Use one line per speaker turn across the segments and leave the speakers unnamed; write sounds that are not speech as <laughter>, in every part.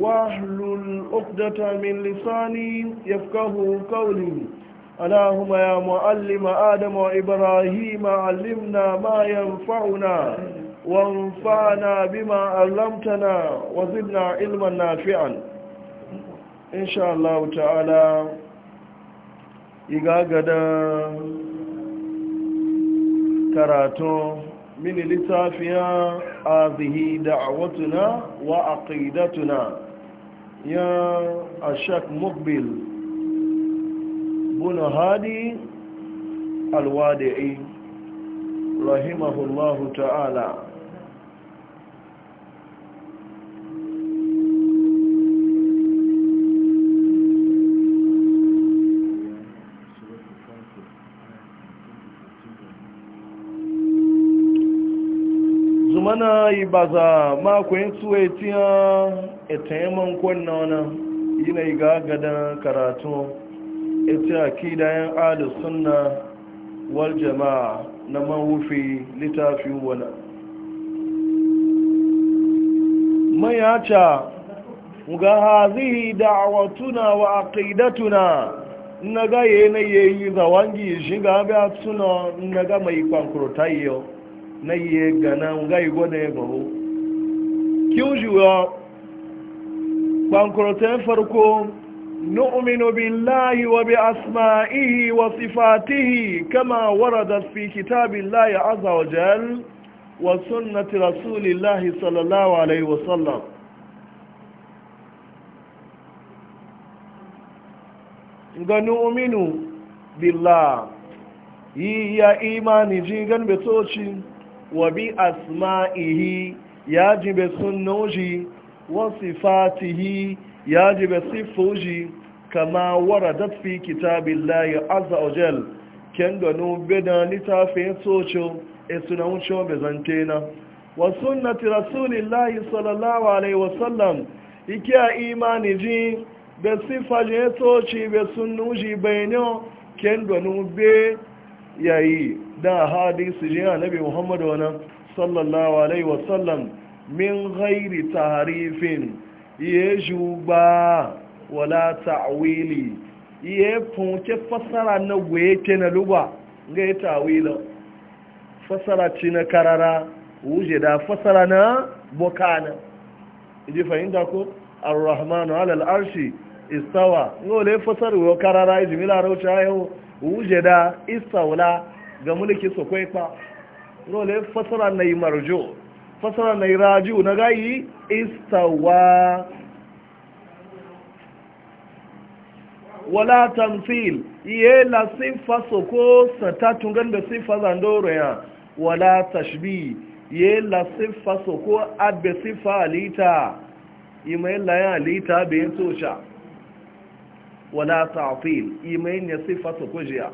واحلل عقدة من لساني يفقه قولي اللهم يا معلم آدم وإبراهيم علمنا ما ينفعنا وانفعنا بما علمتنا وزدنا علما نافعا إن شاء الله تعالى إغاغدا كراتون من لتافيا هذه دعوتنا وعقيدتنا ya ashak mukbil buna hadi alwadi'i rahimahullahu ta'ala mana yi ba yin makon tsuwa tiya etayeman kwanna wani yanayi ga gadan karatu ita kidayen adu sunna wal jama'a na mawufi littafi wani mayaca ga hazihi da'awatuna wa aqidatuna naga yanayi yi zawangi shiga ga suna naga mai kwankurta yau na iye gana nga igbo na ego ho kyujuwa bankurotan farko nu'minu billahi wa bi asma'ihi wa sifatihi kama waradat fi kitabillahi azza wa jal wa sunnati rasulillahi sallallahu alaihi wa sallam ga nu'minu billah yi ya imani jingan betoci wa bi asma'ihi ya jibe sunnoji wa sifatihi ya jibe siffoji kama waradat fi kitabillahi azza wa jal ken gano beda littafin socho e suna wucewa bezantena wa sunnati rasulillahi sallallahu alaihi wasallam ike a imani ji be sifaje soci be sunnuji bayaniyo ken gano be yayi da hadisi ne annabi Muhammad wannan sallallahu alaihi wasallam min ghairi taharifin yeju ba wala ta'wili iye funke fasara na gweke na luba ga ya tawila fasara ci na karara wuje da fasara na bukana iji fahimta ko al rahmanu ala al-arshi istawa ngole fasara wa karara iji mila rauta yau wuje da istaula ga mulki su kwai fa role fasara na yi marjo fasara na yi raju na gayi istawa wala tamfil iye la sifa soko tungan da sifa zandoro ya wala tashbi iye la sifa soko abe sifa alita ima yi ya alita bayan tosha wala ta'til imayin ya sifa su kujiya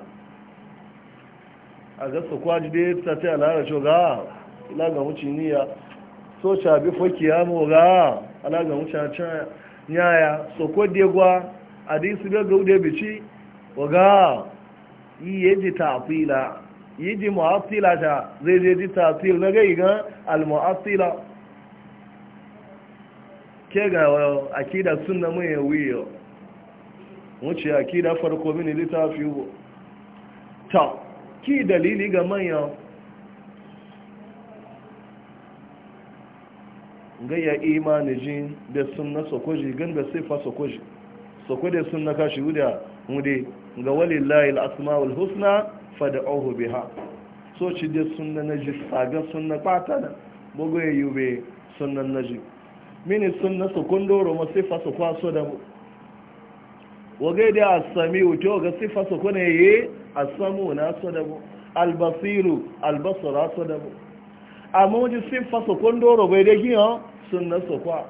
a ga su kwaji ta ta alara shi ila ga wuce niya so cha bi fokiya mu ga ala ga a cha nyaya soko ko de gwa hadisi ga ga ude bici waga iye ji ta'tila yi ji mu'attila ta zai je ji ta'til na ga iga al mu'attila ke ga akida sunna mu ya wiyo wuce ya ki da farko mini littafi ta ki dalili ga manya gaya imani jin da suna sokoji gan da sifa sokoji sokoji suna kashi wuda wude ga walillahi layi asmaul husna fada ohu bi ha so ci da suna sunna naji saga ya yi bogo suna na ji mini suna sokondoro ma sifa sokwa so da mu wage da asami wuce ga sifa su kuna yi asamu na sadabu albasiru albasara sadabu amma wuce sifa su kun doro bai da giyan sun na su kwa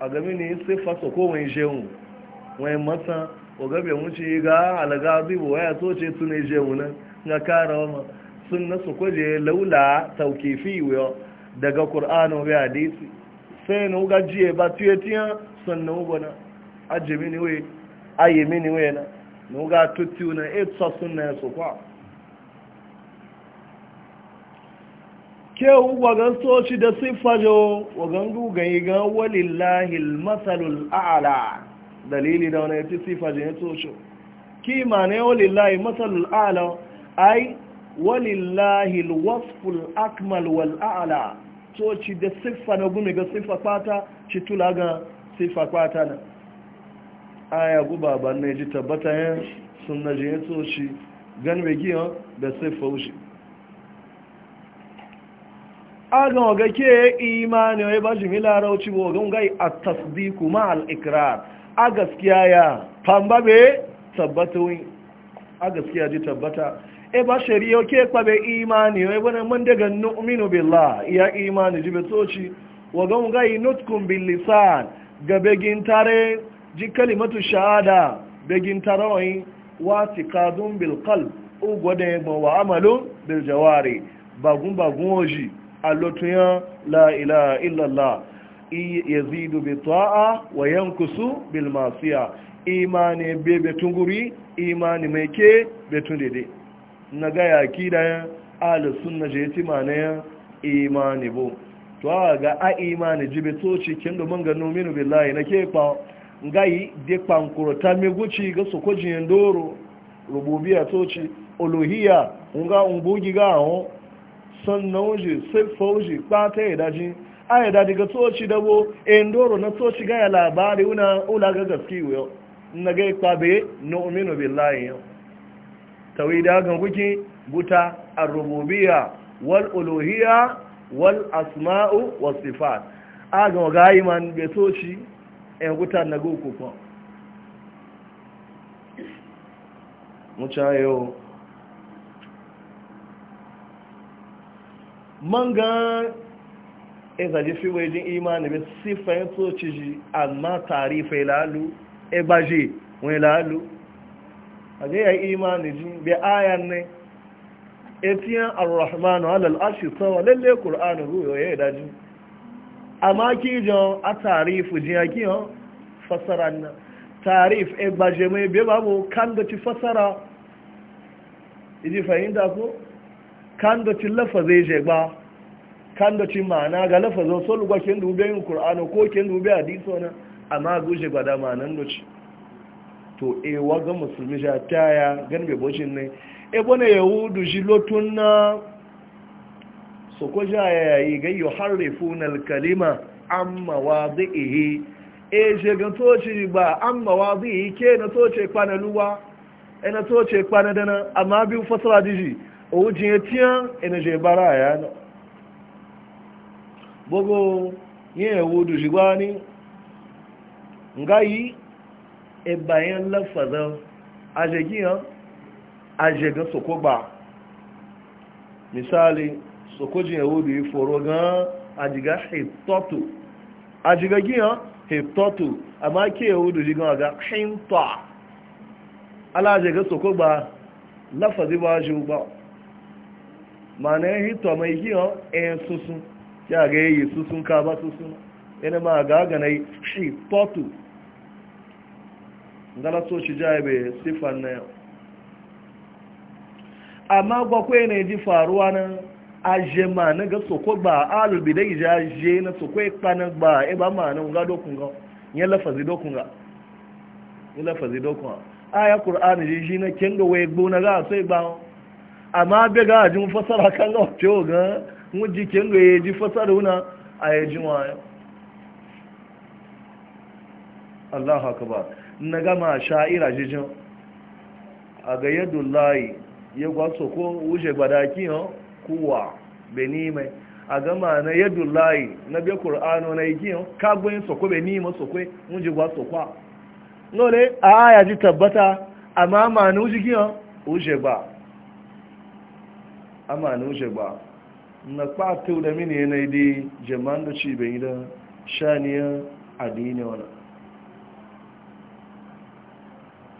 a gami ne sifa su ko wani jehun wani mata wage bai wuce ga alaga waya so ce su ne jehun nan na kara wama sun na su kwaje laula taukifi wuyo daga ƙur'anu bai hadisi sai na wuga jiye ba tuyetiyan sannan wugana Ajiye mini we aye mini we na nuga tutti una e tsasun na so kwa ke wagan soci da sifajo wagan gugan igan walillahi almasalul a'la dalili da wani yace sifajo ne soci kima ne walillahi masalul a'la ai walillahi alwasful akmal wal a'la soci da sifa na gumi ga sifa kwata ci tula ga sifa kwata na aya guba ba na ji tabbata yin suna na ya so shi gan begiyan da sai faushi agan waga ke imani wai ba shi mila rauci ba wagan gai a tasdiku ma al'ikirar a gaskiya ya famba be tabbata wani a gaskiya ji tabbata e ba shari'a ke kwabe imani wai wani man daga nu'minu billah ya imani ji betoci wagan gai nutkun bil lisan gabegin tare ji kalimatu shahada begin tarawai wa tikadun bil qalb o gwada ya gbawa amalu bil jawari bagun bagun oji a lotuyan la ilaha illallah yazidu bi ta'a wa yankusu bil masiya imani be betunguri imani mai ke betun dede na gaya yaki da ahli na je timane imani bo to ga a imani jibe cikin domin ga nominu billahi nake ngai de pankuro ta meguci ga su kwaji rububiya tsochi olohiya nga ga ahun san na siffa wuce kpata ya daji a ya daji ga toci endoro na tsochi ga ya labari una ula ga gaske na ga ikpabe na ominu billahi yau tawai da ga buta a rububiya wal olohiya wal asma'u wasifat a ga gayi man tsochi. ẹ̀gúta eh, nàgó òkùnkùn múcha yóò manga ẹzàjí eh, fi wéjì imani bí sífẹ́ tó chìjì àmá tàrífẹ́ ìlàálù ẹgbàjì wọn ìlàálù àjẹ́yà imani jí bí áyà ní etiyan arrahmanu alal ashi sawa rú yóò yẹ ìdájú amma ki jan a tarifu jiya ki yan fasara na tarif e gbaje mai be babu kan da ci fasara iji fahimta ko kan da ci lafazai je ba kan da ci ma'ana ga lafazin so lugwa kin dube yin qur'ano ko kin dube hadiso na amma guje gwada ma'anan da ci to e waga musulmi ja taya gan be bocin ne e bone yahudu shi lotun na so ko ja yayi ga yuharrifuna al-kalima amma ihe e je ga gba ba amma ihe ke na toce kpanaluwa luwa e na toce kwana dana amma biyu fasara diji o jin tiyan e na je bara ya no bogo ye wudu ni ngayi e bayan lafazan ajegiyan ajegan sokoba misali sokojin yahudu yi gan ajiga hitotu ajiga giyan a amma ke yahudu yi gan aga himta alajiga soko gba lafazi ba shi ba ma na yi hito mai giyan en susun ya ga yi susun ka ba susun yana ma ga aga na hitotu ngala so shi jaibe sifan na yau amma gbakwai ne ji faruwa na. aje ma na ga soko ba alul bidai ja je na soko e kana ba e ba ma na ga dokun ga ya lafazi dokun ga ya lafazi dokun aya qur'ani ji shi na kenga waye gbo na ga sai ba amma be ga ajin fasara kan ga to ga mu ji kenga ye ji fasara una aya e ji wa Allahu akbar na ga ma sha'ira jijin a ga yadullahi ya gwa soko wuce gbadaki yau kuwa benime a gama na yadda na biya ƙur'ano na igiyan kagbin sokwe benima sokwe mujigwa sokwa nole a aya ji tabbata amma ma na ujigiyan uje ba amma na uje ba na kpatau da mini yanayi di jaman da ci bai da shaniyar adini wani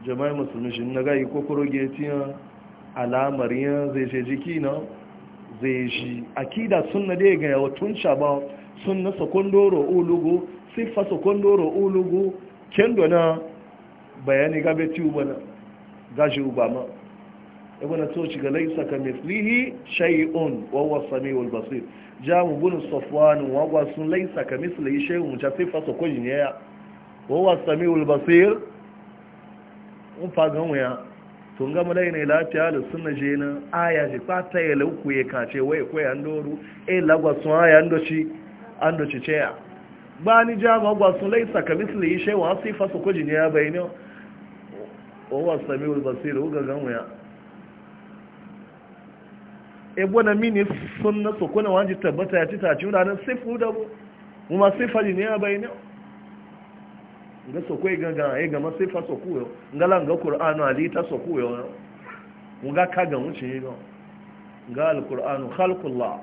jama'i musulmi shi na gayi kokoro getiyan alamar yan zai ce jiki na zai shi akida sunna dai ga yawatun shaba sunna sakondoro ulugu siffa sakondoro ulugu kendo na bayani gabe ti ubana gashi ubama ibn toci ga laisa ka mislihi shay'un wa huwa samiul basir jamu bunu safwan wa huwa sun laisa ka mislihi shay'un ta siffa sakondoro ya wa huwa samiul basir un fagan wa tun gama lai ne lafiya da suna je na aya ji fata ya lauku ya kace wai kwaya an doru e eh, lagwasun aya an doci an doci ceya ba ni ja ma gwasun lai sakamis le yi shewa sai fasa kuji ne ya bayani o wa sami ul basir o gagan wuya e bona mini sunna na kuna wanji tabbata ya ci ta ci nan sifu da mu ma sifa ne ya bayani nga soko ga ga e ga masifa soko yo nga la nga qur'anu alita soko yo nga kaga ga mucin yo nga alqur'anu khalqullah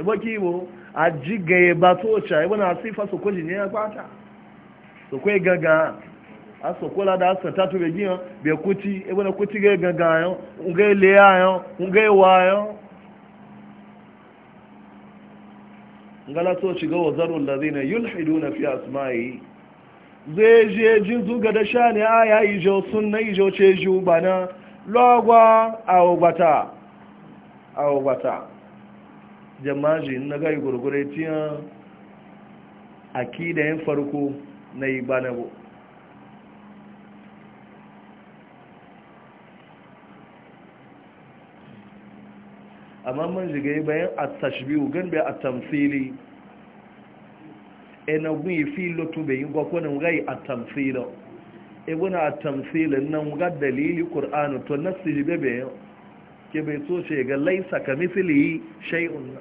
e ba ki bo aji ga e ba to cha e bona sifa soko ji ne ya kwata soko ga ga a soko la da sa tatu be giyo be kuti e bona kuti ga ga ga yo nga le ya yo nga wa yo nga la to shiga wa zarul ladina yulhiduna fi asma'i zai je jin zuga da sha ne a ya yi jo sun na yi jo ce ji ba na lagwa a ogbata a ogbata jamaji na gari gurgure tiyan yin farko na yi ba na amma man shiga bayan a tashbihu gan bai a tamfili enagun ifi lotu bai yin gwakwanin gai a tamfila e ibuna a tamfilin nan ga dalili ƙur'anu to na siribe bai yau ke bai so ce ga laisa ka misili shai'un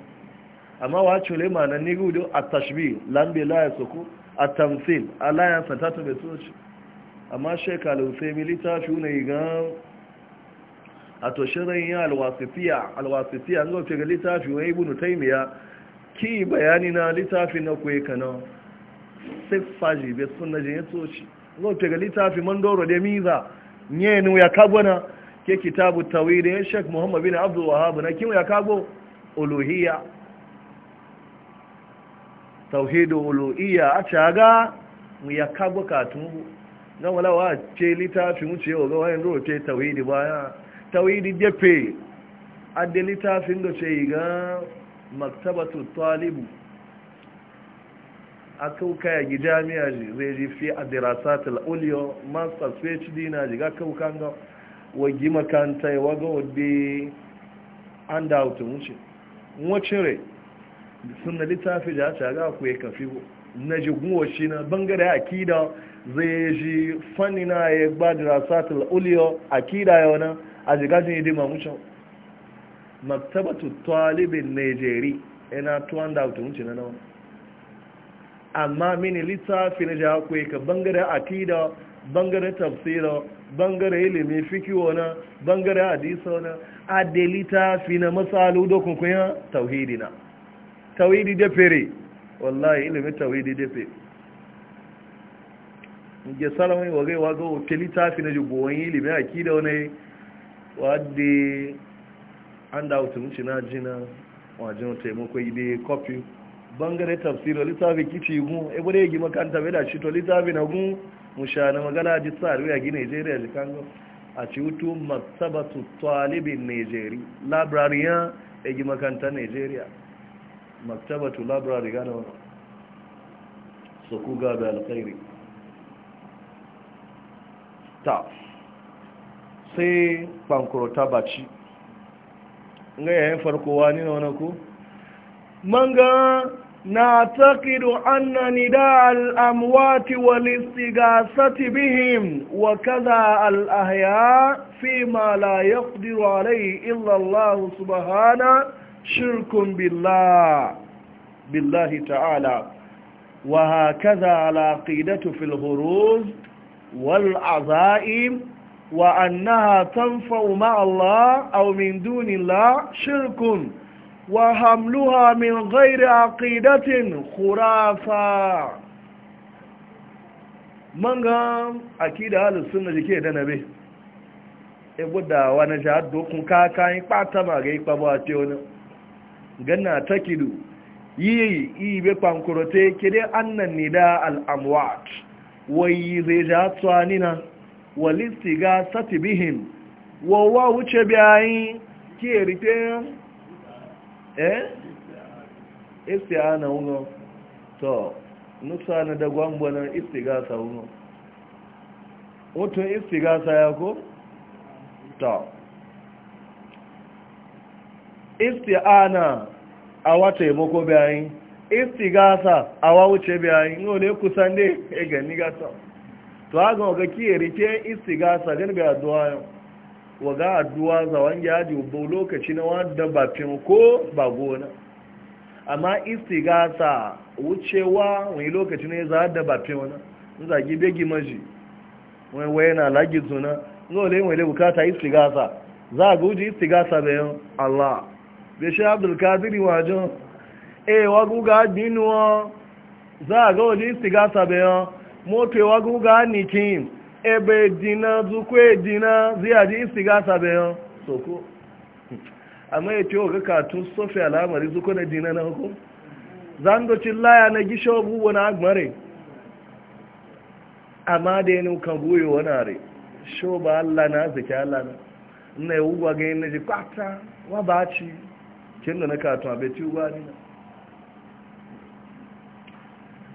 amma wa cule ma na nigu da a tashbi lambe laya suku a tamfil a layan satata bai so ce amma shekalu sai milita shi ne gan a to shirin ya alwasitiya alwasitiya an zo ce ga littafi wani ibnu taimiya ki bayani na littafi na kuwa kanan sai faji bai suna jin ya soci zoce ga littafi man doro da miza nye ya kago na ke kitabu tawhidin shek muhammad bin abdul wahab na kin ya kago uluhiyya tauhidu uluhiyya a caga mu ya kago katun na wala wa ce littafi mu ce ga wayan roce tawhidi baya tawhidi depe adde littafin da ce ga maktabatu talibu a kauka ya gida miya zai ji fi a dirasatul uliyo master phd na jiga kauka ga wagi makanta ya waga wadda an da hutun wuce wacin rai suna littafi da ta ga ku ya kafi na jiguwa shi na bangare akida zai ji fanni na ya gba dirasatul uliyo akida ya wana a jiga jin idima wucin maktabatu talibin nigeria yana tuwan da hutun wuce na nawa amma mini na ja akwai ka bangaren akida bangare tafsira bangare ilimi fikiyo na bangare hadisa na ade littafi na matsalu da kunkunya tauhidi na tauhidi da fere wallahi ilimin tauhidi da fere ge salamai wa gaiwa ga wata littafi na jubowar ilimin akida wani wadda an da wuce mucina jina wajen taimakon ide kofi bangare tafsiro littafi kici gun ebure yi makanta bai da shi to littafi na mu. musha na magana ji tsari a gina nigeria ji kango a ci hutu matsabatu talibin nigeria library ya yi e makanta nigeria maktabatu library gana wani su ku ga da alkhairi ta sai bankurota baci ga yayin farko wani na wani ku manga نعتقد أن نداء الأموات والاستغاثة بهم وكذا الأحياء فيما لا يقدر عليه إلا الله سبحانه شرك بالله بالله تعالى وهكذا العقيدة في الغروز والعظائم وأنها تنفع مع الله أو من دون الله شرك wa hamluha min ghairi aqidatin khurafa manga akida ahlus sunna jike da nabe e guda wani jaddo kun ka kan pata ma ga ipa bo ati ona ganna takidu yi yi be pankorote kede annan nida al amwat wai zai ja tsanina walistiga satibihim wa wa wuce bayan ki erite eh isti'ana wuno to nusa na da gwambo na istigasa wuno otun istigasa ya ko to isti'ana a wata yamako bayan istigasa a wawuce bayan yi ne kusan dai e gani gasa to haka ga kiyarike istigasa gani bai addu'a yau waga addu'a za wange yaji ubbo lokaci na wanda ba ko ba gona amma istigasa wucewa wani lokaci ne za da ba fin zagi begi maji wani waya na lagi zuna n'ole wani bukata istigasa za a guji istigasa bayan allah bai shi abdulkadir wajen ewa guga dinuwa za a ga waje istigasa bayan moto waguga nikin ebe dina zukwe edina ziyaji isiga bayan soko ama-eti oge ga katun sofi al'amari zuko na dina na hukum zandocin laya na gisho buwa na agbari ama da eni kan wona wani shoba sho ba alana na zaki allah na na yi ugwa ga yin ji kwata wa ba ci katun abeti ugwa ne na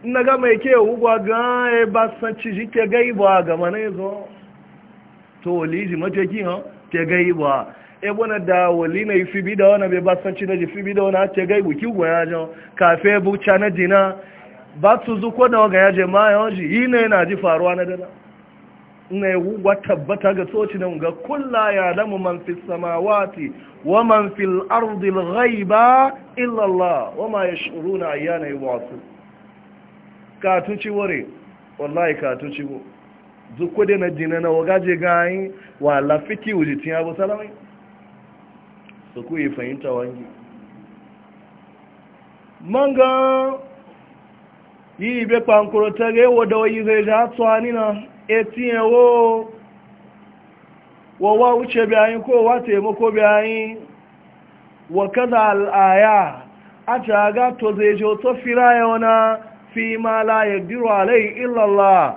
na ga mai ke hugwa ga e ba san ci ji ke gai ba ga mana zo to wali ji mace ki ha ke gai ba ya e bona da wali na yi fibi da wani bai ba san ci na ji fibi da wani ke gai bu ki gwa ya jo kafe bu cha na jina ba su zuko ko da waga ya je ma ya ji yi ne na ji faruwa na dana na yi hugwa tabbata ga soci na ga kulla ya damu man fi samawati wa man fi al'ardil ghaiba illallah wa ma ya na ayyana wasu katun ci re wallahi katun ci bo de na jina na wagaje gayi wa la fiki uji tin abu salamai su ku yi fahimta wangi manga yi be pankuro tage wo da yi zai ja tsani na etin wo wa wa wuce bayan ko wa taimako bayan wa al aya a taga to zai jo to firaya wana fi ma la yadiru alai illallah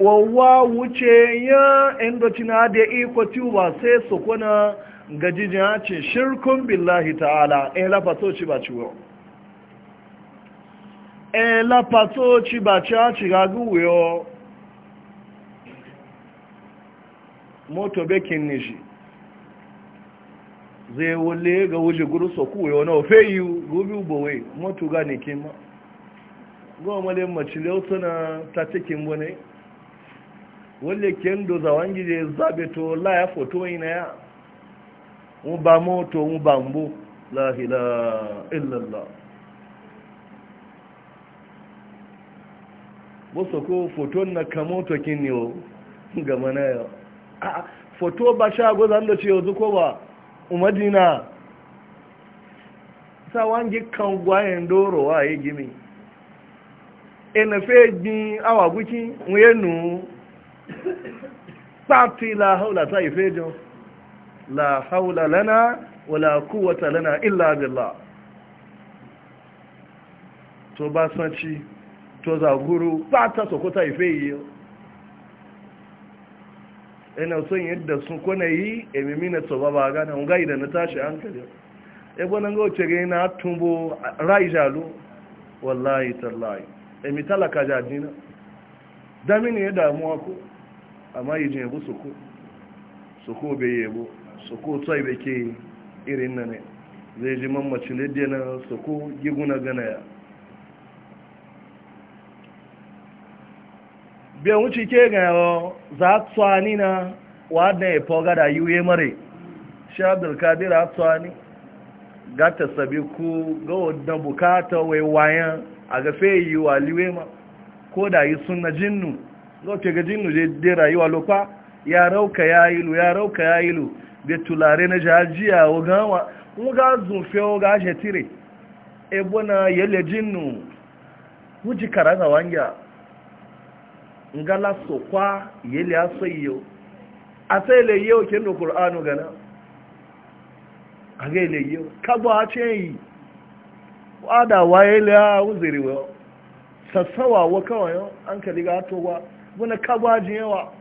wawa wuce ya inda na da iko tuba sai su kuna gajijin hacin shirkun billahi ta'ala e lafato ci ba ciwo e ci ba ci moto bekin nishi zai wule ga guru soku na ofe yi gobe ubowe moto ga goma le macile suna ta cikin wani ke ndo za wangi je zabe to la ya foto na ya mu ba moto mu ba mbu lahila illallah boso ko foto na kamoto kinyo ga mana ya a foto ba sha zan da ce yanzu ko ba umadina sa wangi kan gwayen doro wa yi gimi ẹnà fẹ́ gbin àwọn àgbíkí wọ́n yẹ́ nù pàtí láhàúlà táyì jọ láhàúlà lẹ́nà wọ̀là kúwọ́ta lẹ́nà ìlà tó bá sánchi tó zàgúrú pàtà sọ̀kọ́ta ìfẹ́ yìí ina son yadda sun kwana yi emimi na tsoba ba gana nga idan na tashi hankali ebe nan na tumbo rai wallahi tallahi emi talaka jajina damini ya damuwa ko amma yi jin yabo soko soko bai yabo soko tsoyi bai ke irin na ne zai ji mammacin lidya na soko giguna gana ya biyan wuce ke ga yawa za tsani na wadda ya e foga da yiwuye mare shi abdulkadir a tsani gata sabi ku ga wadda bukata wai wayan a gafe yi wa liwema ko da yi suna jinnu lokaci ga jinnu je de rayuwa lokwa ya rauka ya ilu ya rauka ya ilu da tulare na jajiya wa gawa kuma ga zunfe wa ga shetire ebo na yele jinnu wuji karanga wanga ngala sokwa yele asoyo asele yau kendo qur'anu gana aga ile yau kabo a ce yi wada waye la uzuri wa sassawa wa kawai an kali ga to wa buna kabaji yawa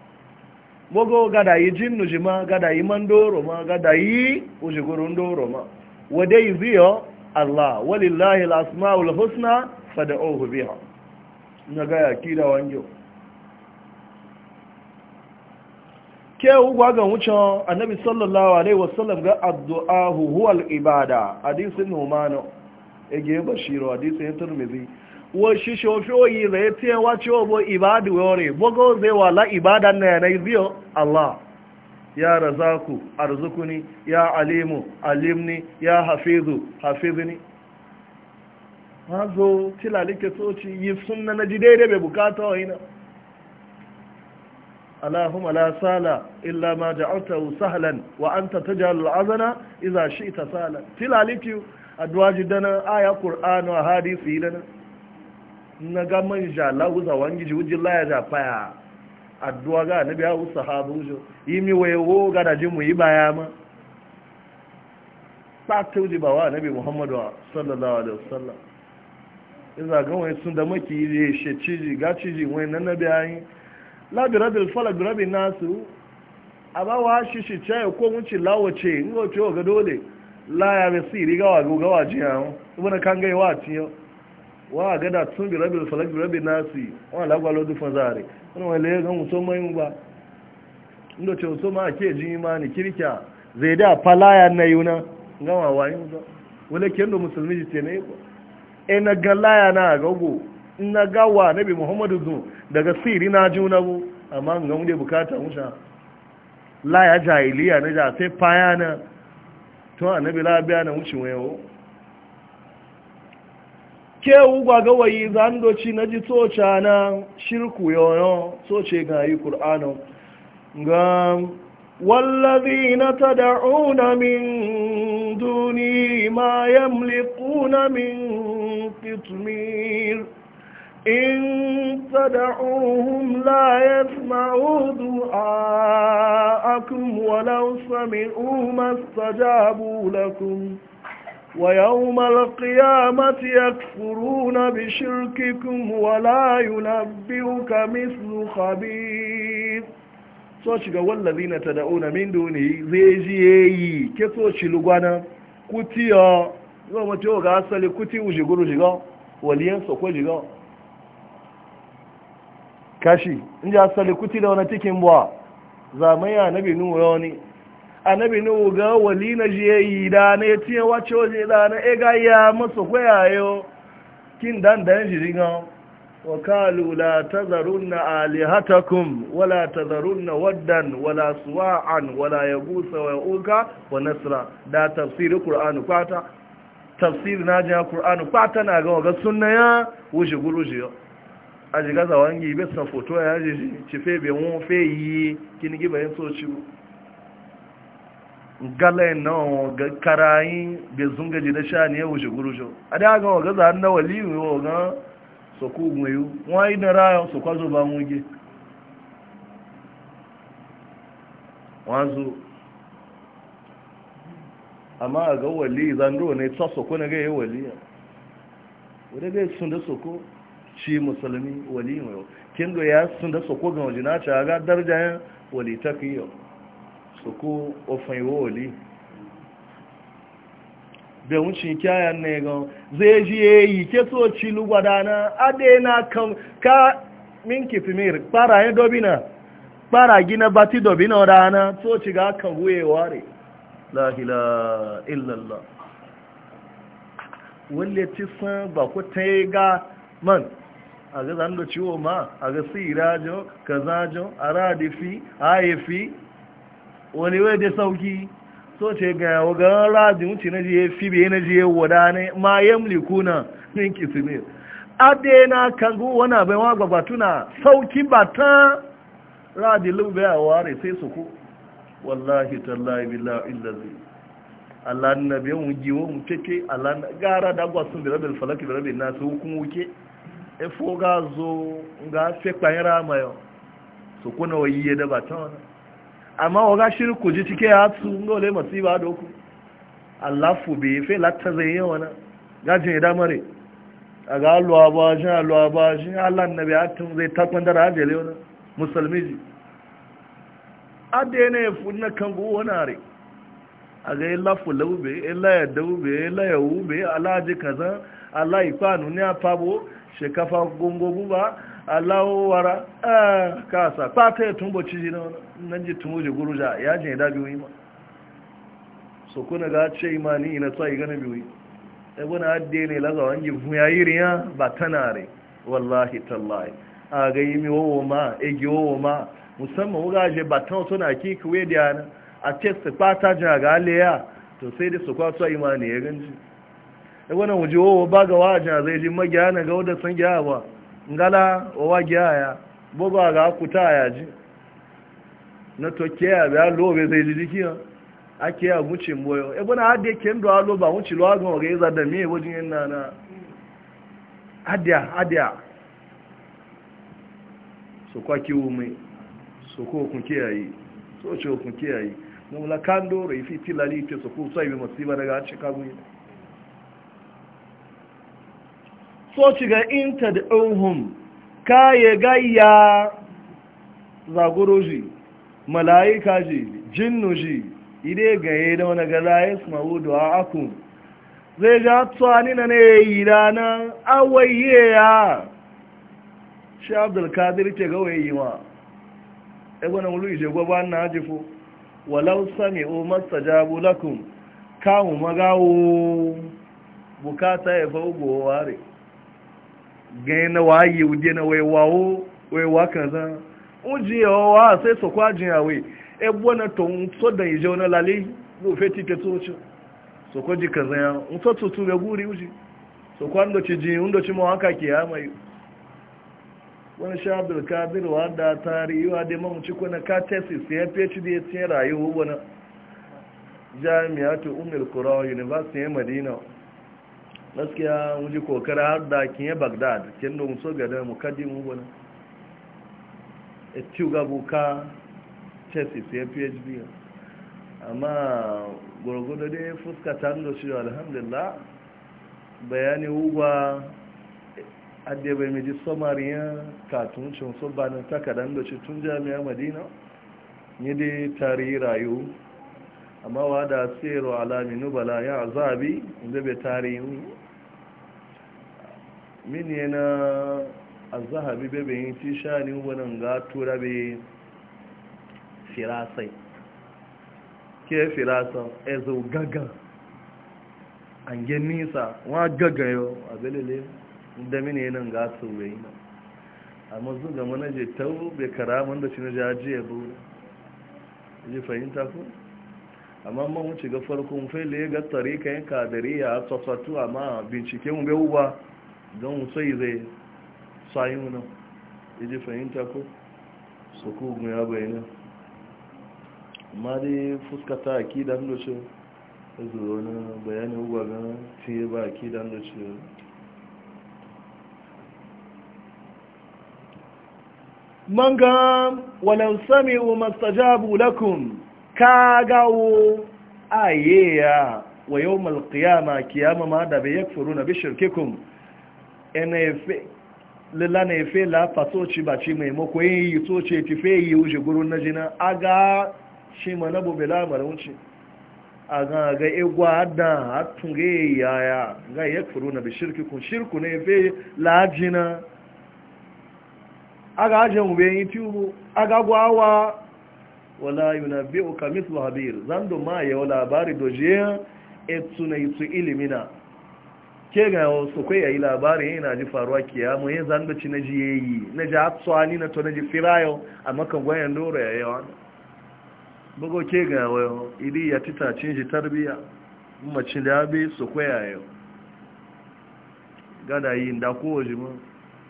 bogo gada yi jin n'ujima gada yi mandoro ma gada yi ujigurun doro ma wadai biyo Allah walillahi al-asmaul fada fad'uhu biya. na ga yakida wanjo ke ugwa ga wucin annabi sallallahu alaihi wasallam ga addu'a huwal ibada hadisin humano ege bashiro hadisi ya turmizi wa shi shofiyoyi zai tiyawa cewa bo ibadu yore bogo zai wala ibada na yanayi biyo Allah ya razaku arzukuni ya alimu alimni ya hafizu hafizni hazo tilalike soci yi sunna na ji daidai bai bukata wa ina اللهم لا سهل إلا ما جعلته سهلا وأنت تجعل العزن إذا شئت سهلا تلاليتيو adwaji dana aya ƙur'anu a hadisi yi dana na gaman jala wuza wangi ji wujin laya ja faya adwa ga na biya wusa habu jo yi mi ga da ji mu yi baya ma ta tauji ba wa nabi muhammadu sallallahu alaihi wasallam iza ga wani sun da maki yi je she ciji ga ciji wani nan na ayi yi labi rabin falak rabin nasu a ba wa shi shi ce ko wuce lawace ngo ga ce ga dole laya mai siri gawa gawa jiya ibina kan gai wa tiyo wa gada tun bi rabin falak bi rabin nasi wa lagwalo dufan zare wani wani laye gan mutum mai ba inda ce mutum ma ake jin imani kirkiya zai da falaya na yuna gawa wani ba wani kendo musulmi ji ce ne ba e na ga laya na gago na gawa nabi muhammadu zu daga siri na juna bu amma ga mu bukata musha laya jahiliya na ja sai fayana a annabi labiya na wucin wayo ke ugwa gawayi zandoci na ji tsoca na shirku yoyo tsoce ga yi ƙur'anin ga wallazi na ta da'una min duni ma yamlikuna min fitmir إن تدعوهم لا يسمعوا دعاءكم ولو سمعوا ما استجابوا لكم ويوم القيامة يكفرون بشرككم ولا ينبئك مثل خبير soci ga wallazi na ta da'una min duni zai ji ya yi ke soci lugwana kutiya zuwa mutu ga asali kuti wuji guru jiga waliyan sokwa jiga kashi inda asali kuti da wani cikin buwa zamai annabi nuhu ya wani annabi nuhu ga wali na je yi da na ya tiye wace waje da na e ga ya kwaya kwayayo kin dan dan shi dinga wa kalu la tazarunna alihatakum wala tazarunna waddan wala suwa'an wala gusa wa uka wa nasra da tafsirin qur'ani kwata tafsir na ji qur'ani kwata na ga ga sunna ya wuce guruji a jiga zawangi bai san foto ya ji ci fe bai wọn fe yi kini giba yin soci gala yin nan ga karayin bai zunga ji da sha ne ya wuce gurujo a da ga waga zan na wali yi wa ga soku gwayo wọn yi na rayan su kwazo ba muge wazo amma a ga wali zan ne ta soko na ga yi wali wadda ga yi sun da soko shi musulmi wali yau kin ya sun da soko ga wajina ta ga darajar wali ta kiyo soko ofai wali da wucin kyayan ne ga zai ji yayi ke so ci lugwada na adena kam ka min kifimir para yin dobina para gina bati dobina rana so ci ga kan huye ware la ilaha illallah wallahi san ba ko ta ga man a ga zando ciwo ma a ga sirajo kazajo aradifi ayefi wani wai da sauki so ce ga wani radin wuce na jiye fi biye na jiye wada ne ma yamlikuna min kismir na kangu wana bai wa gaba tuna sauki bata radi lube a ware sai su ku wallahi tallahi billahi illazi Allah na biyan wuji mu mutake Allah gara da gwasun bi rabbil falaki bi rabbin nas hukum wuke efo ga zo ga fe kpanyere amayo so kuna wa yiye da bata wani amma wa ga shirin kuji cike ya hatu nga ole masu iba da oku allafu be fe latta zai yi wani gajin ya damare a ga alu ba shi aluwa ba shi allah na biya tun zai takwan da rajele na musulmi ji adena ya fi na kan guwa wani are a ga yi e lafu laube yi e la ya daube yi e la ya wube alaji kaza ala ifanu ni a fabo kafa gungo ba alawowara a eh, kasa kwata ya tumbo ciji na nan ji tumo ji guruja ya jin ya dabi ima ma so kuna ga ce imani na yi gani biyu ebe na adde ne laga wangi ya yi riya ba tana re wallahi tallahi a ga yi mi wowo ma egi wowo ma musamman wuga je ba tan so na ki kuwe da a ce su kwata jin a ga to sai da su kwata imani ya ganji wani wuje wa ba ga wajen zai ji magiya na ga sun giya ba ngala wa giya ya boba ga kuta ya ji na toke ya biya lobe zai ji jiki jikiya ake ya guci moyo e eh, bana hadde kendo a loba wuci lo ga ga za da me wajin yin nana adiya adiya so kwa ki umi so ko kun kiyayi so ce kun kiyayi mu la kando rai fi tilali ke so ku sai bi masiba daga cikagu ne so ci ga inta da ɗauhun kaye gayya zagoro ji mala'ika ji jinnu ji ide gaye da wani gaza ya smaru da aku zai ja tsani na ne yi ranar awaye ya shi abdulkadir ke gawaye yi wa ẹgbọ́n olú ìṣẹ́gbọ́ bá ń náà jífò sami o jabu lakun kawo magawo bukata ya gbòwà ware. ganye na waye wuje na waiwawo waiwa kaza uji yawa sai su kwajin yawe e na to nso da ije wani lali rufe tike ji nso guri ji ke ya mai wani sha abdul wa da tarihiwa da mun na ka ya phd ya tsira rayuwa wani university madina gaskiya wuji kokara har da kinye bagdad kin da muso gada mukaddim wani etu tuga buka tesis ya phd amma gwargwado dai fuska ta hannu shi alhamdulillah bayani hugwa adde bai miji somariya katun shi so ba na da shi tun jami'a madina ni dai tarihi rayu amma wa da sayarwa alaminu bala ya azabi inda bai tarihi min yana a zahabi bebeyin ti shani wannan ga tura be firasai ke firasa ezo gaga an gen nisa wa gaga yo a belele da min yana ga tsore ina amma zu ga je tau be karaman da shi na jaji ya bu ji fahimta ku? amma man wuce ga farkon fai le ga tarika kadari kadariya tsatsatu amma binciken bai uba don sai zai sayi nan ya fahimta ko su kogun ya bayyana amma dai fuskata a kidan da ce zuwa wani bayani ugwagen fiye ba a kidan da ce man ga sami sami'u mastajabu lakun ka gawo ayeya wa yau malkiyama kiyama ma da bai furu na bishirkikun lila na efe lafa soci ba ci mai mako yin e yi soci e ti fe yi wuce gurun na jina aga ga shi ma na bobe labarin wuce a e ga ga igwa da hatun ga yi yaya ga ya furu na bishirki kun shirku na efe lajina jina aga ajiyar mube yi tubu a ga gwawa wala yunabbi'uka mithlu habir zan do ma yau labari dojiyan etu na yi su ilimina ke ga su kai yayi labarin yana ji faruwa kiyamu yin zanga ci na ji yayi na ji ni na to na ji firayo a makan gwayan doro ya yawa bugo ke ga wayo idi ya tita cin shi tarbiya mace da bi su kwaya yau gada yi da kowaje mu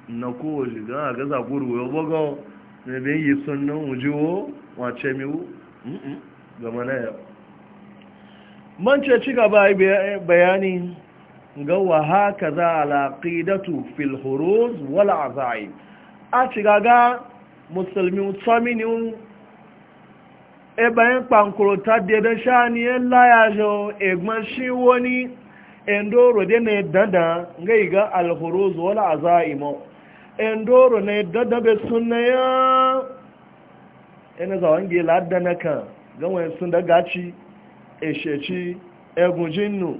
na kowaje ga ga za guru yau bugo ne bin yi sunnan ujiwo wace miwu gama na yau man ce ci gaba bayani ga wa haka za a laƙidatu filhuruz wala a za'ayi a ci gaga musulmi tsamini ebayin pankurota dede shani e layajo egbon shi wani endoro de ne dada ga iga alhuruz wala a za'imo endoro ne dada be suna ya ina e zawon gila dana kan ganwayen sun da gaci egun e jinnu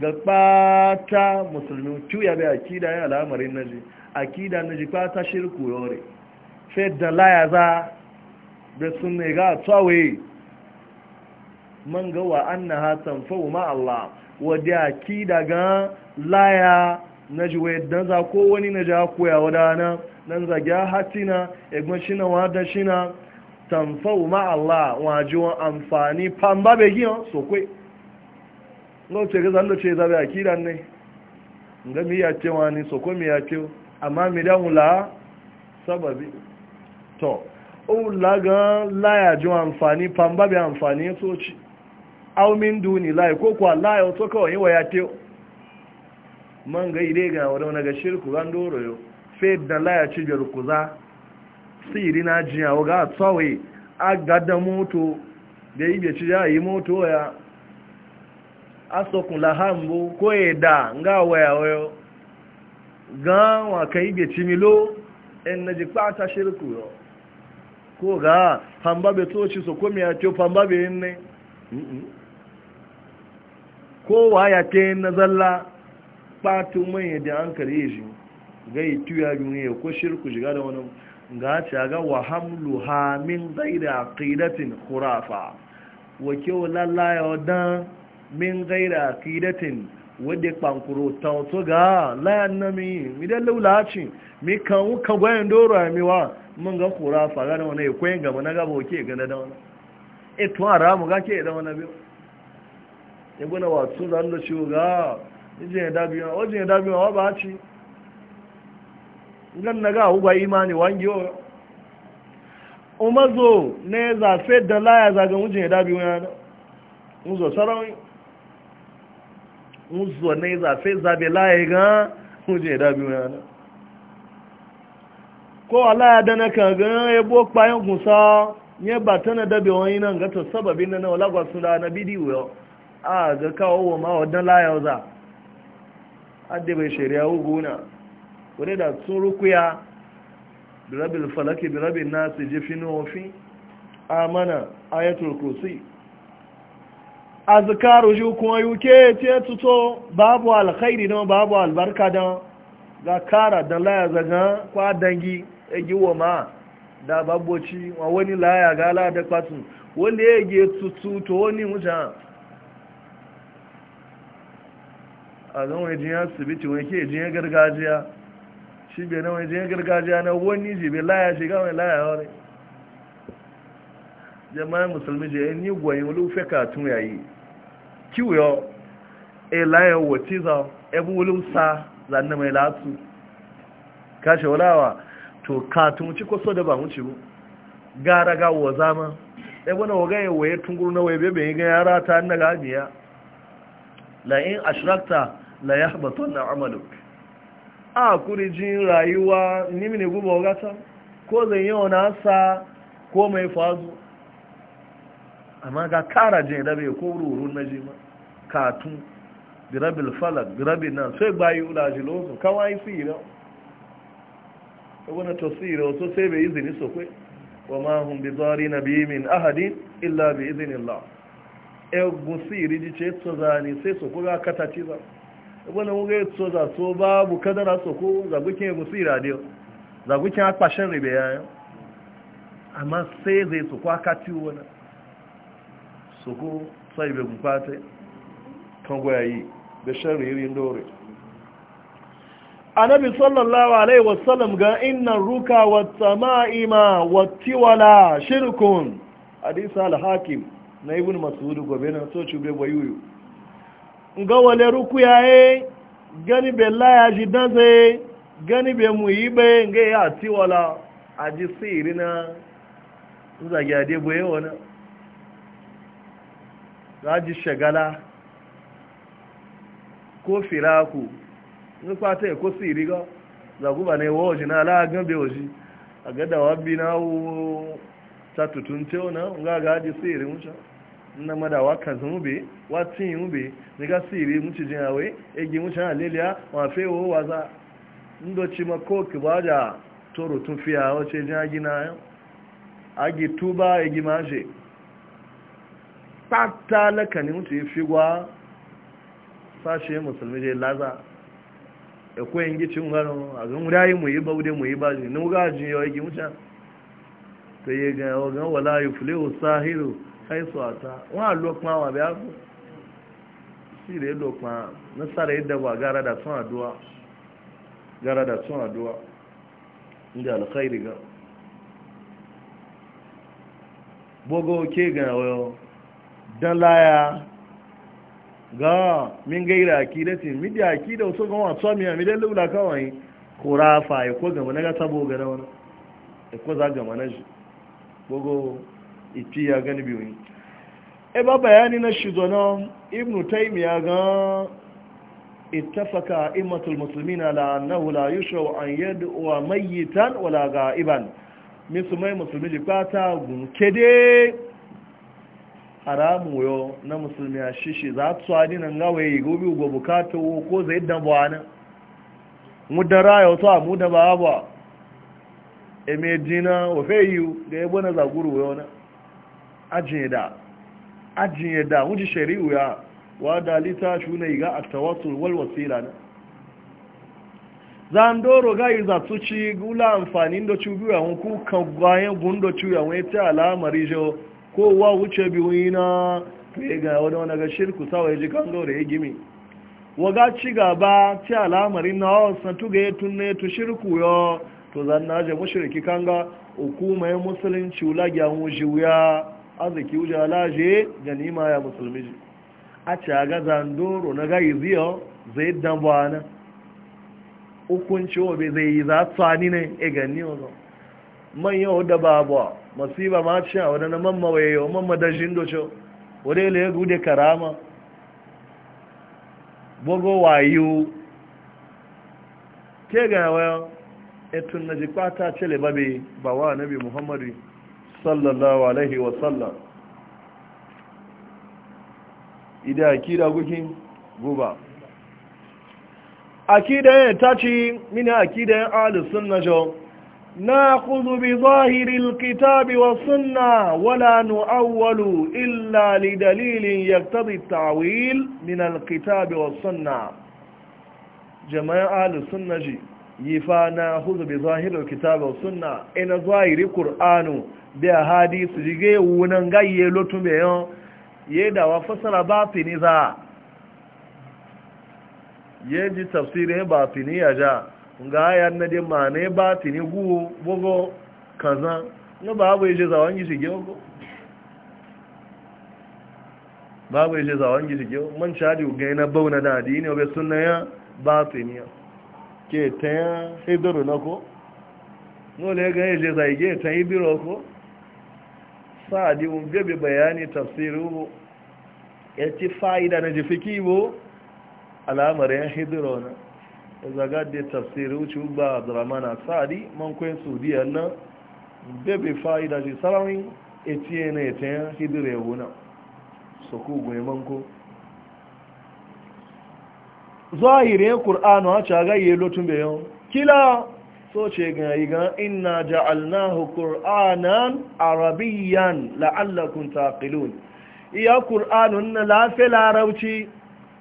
ga kpata musulmi cuya bai akida ya al'amarin naji akida naji kpata shirku yore fedda laya za da sun ne ga tsawe man gawa an na hatan fau ma'allah wadda akida ga laya naji don za ko wani naji akwai wadana nan zagya hatina egbon shina wada shina tamfau ma'alla wajewa amfani pamba begiyan so kwai ngau ce gaza lo ce zabe akida ne nga mi ya ce ni, so komi mi ya ce amma mi da wula? sababi to o la ga la ya ji amfani pamba bi amfani so ci aw min duni la ko ko la ya to ko yi wa ya ce man ga ide ga wani ga shirku ran doro yo fe da la ya ci jar kuza iri na jiya ga tsawai a gada moto da yi bai ci ya yi moto ya asokun lahambu ko eda nga waya wayo ga wa kai be chimilo en ji pata shirku yo ko ga pamba be chi so komi atyo pamba be ne ko waya te na zalla patu mai da hankali shi ga itu ya duniya ko shirku shiga da wani ga ta ga wa ha min ghairi aqidatin khurafa wa kyau lallaya wadan min gaira kidatin wadda kwankuro ta wato ga layan na mi midan laulaci mi kan wuka gwayan doro a miwa mun ga kura fara da wani kwayin gaba na gaba wake gana da wani eto a ramu ga ke da wani biyu ya e gwana wato zan da ciwo ga ijin ya dabiwa wajen ya dabiwa wa ba ci gan na ga hugwa imani wangi wa umazo ne zafe da laya zaga wujin ya dabiwa ya da uzo sarawin muzuwa na zafe zabe laye ga kuje da biyu yana ko alaya da na kan ga ya bo kpayin gusa ba ta na dabe wani nan ga sababin na wala da na bidiyo a ga kawo wa ma wadan laya za adda bai shari'a huguna wadda da sun rukuya birabil falaki birabil nasi jifin wofi amana ayatul kursi azkaru ju kuma yuke ce tuto babu alkhairi don babu albarka don ga kara da laya zaga kwa dangi egiwo ma da babboci wa wani laya ga la da kwatu wanda ya ge tutu to wani wuta a zan wani jiya asibiti wani ke jiya gargajiya shi be na wani jiya gargajiya na wani jibe laya shiga wani laya wani jama'a musulmi je ni gwayin wulu fe ka tun yayi kiwo e laye wati za e bu wulu sa zanna mai latu ka shawlawa to ka tun ci ko so da ba mu ci bu gara ga wa zama ya bona wa ga waye tunguru na waye bebe ga yara ta na ga biya la in ashrakta la yahbatanna amaluk a jin rayuwa nimine gubo gata ko zan yau na sa ko mai fazo amma ga kara jin rabe ko ruru na ji ma katu bi falak bi nan sai bayi ula ji lozu kawai fi ra wani tasiri wasu sai bai izini sokwe, kwe wa ma hun bi zari na biyi min ahadin illa bi izini la egun siri ji ce tsozani sai su kuga kata ci za e wani wuga ya za so babu kadara soko, ko zagukin egun siri a dai zagukin akwashin ribe yi amma sai zai su kwa kati wani su sai bai gufata kan gwayayi da shari'irin dore annabi sallallahu alaihi wasallam ga inna ruka wa tama'ima wa tiwala shirkun hadisa al-hakim na ibn mas'ud gobe na so ci bai bayuyu ga wale ruku yaye gani be la ya ji danze gani be mu yi be nge ya tiwala aji sirina zage ade boye wana raji shagala ko firaku ní pátá ẹ̀kọ́ sí ìrígọ́ zaguba na ìwọ́ òjì náà aláàgánbẹ̀ òjì àgádàwà bí náà wo ta tí ó náà ń gága ájí sí ìrí múṣọ́ wa kanzu mube wa tin mube na mafe waza ndo ma toro tun o tsata lakanin mutu ya fi gwa sashe musulmi dai laza ya kuwa yin gicin ganin a gan rayu mu yi baude mu yi baji na wuga ajin yawa yi mutan ta yi ga yawa gan wala yi fule wa sahiru haisu a ta wa lokma wa biya ku shi da ya lokma na tsara yadda ba gara da sun aduwa gara da sun aduwa inda alkhairi ga bogo ke ga yawa dan laya ga min gaira tin mi da akida so ga wa so mi mi da lula kawai kurafa ya ko gama naga sabo ga na wani e ko za gama na shi gogo ipi ya gani biyu e ba bayani na shi zona ibnu taymiya ga ittafaka immatul muslimina la annahu la yushra an yad'u mayyitan wala ga'iban misumai musulmi jikata gunkede haramu yo na musulmi a shishi za su hadi nan gawa yi gobe ga bukata ko zai dan bwana mudan raya wato a muda ba ba e me jina wa yi da ya bane zaguru yo na ajiye da ajiye da wuji shari'u ya wa dalita shuna iga ga tawassul wal wasila na za ga yi za su ci gula amfani da cubiya hun ku kan gwayen gundo ya wani ta alamari jo ko wa wuce biyu na ya ga wani wani ga shirku sawa ya ji kan gaura ya gimi waga ci gaba ci alamarin na wasan tuga ya tunne tu shirku yo to zan na je mushriki kan ga hukuma ya musulunci wula ga mu wuya arziki wuja laje ganima ya musulmi ji a ci ga zandoro na ga ziyo, zai dan bana hukunci wa bai zai yi za tsani ne e ganni wa manyan da babuwa masiba ma ce a wadana mamma waye wa mamma da shi doce wadai ile ya gude karama bogo wayo ke ga yawon etun na jikwata cele babi, ba wa nabi muhammadu sallallahu alaihi wasallam idan akida gukin guba akida ya tace mini akida ya ahlus sunna jo ناخذ بظاهر الكتاب والسنة ولا نؤول إلا لدليل يقتضي التعويل من الكتاب والسنة جماعة للسنة جي يفا ناخذ بظاهر الكتاب والسنة إن ظاهر القرآن بها بأحاديث جيجي وننغي يلوتم بيان يدا وفصل باطني ذا يجي تفسيره باطني يا ga na dai ma ne ba ti ni guwo bogo kaza no babu abu e je zawon e gishi ge ogo ba abu je zawon gishi ge man chadi ga na bauna da adini obe sunna ya ba ti ni ke ta hidoro e nako no le ga je zai ge ta ibiro ko sa'adi mun bebe bayani tafsiru ya ci fa'ida na jifiki bo al'amarin hidoro na zaga tafsiri wuce ba abdurrahman sa'adi man kwayin saudiya bebe fa'ida shi sarawin etiye na etiyan hidire wuna su ku gwe manko ya kur'anu a caga yi lotun bayan kila so ce gani gan ina ja'alnahu kur'anan arabiyyan la'allakun taqilun iya kur'anun na lafe larauci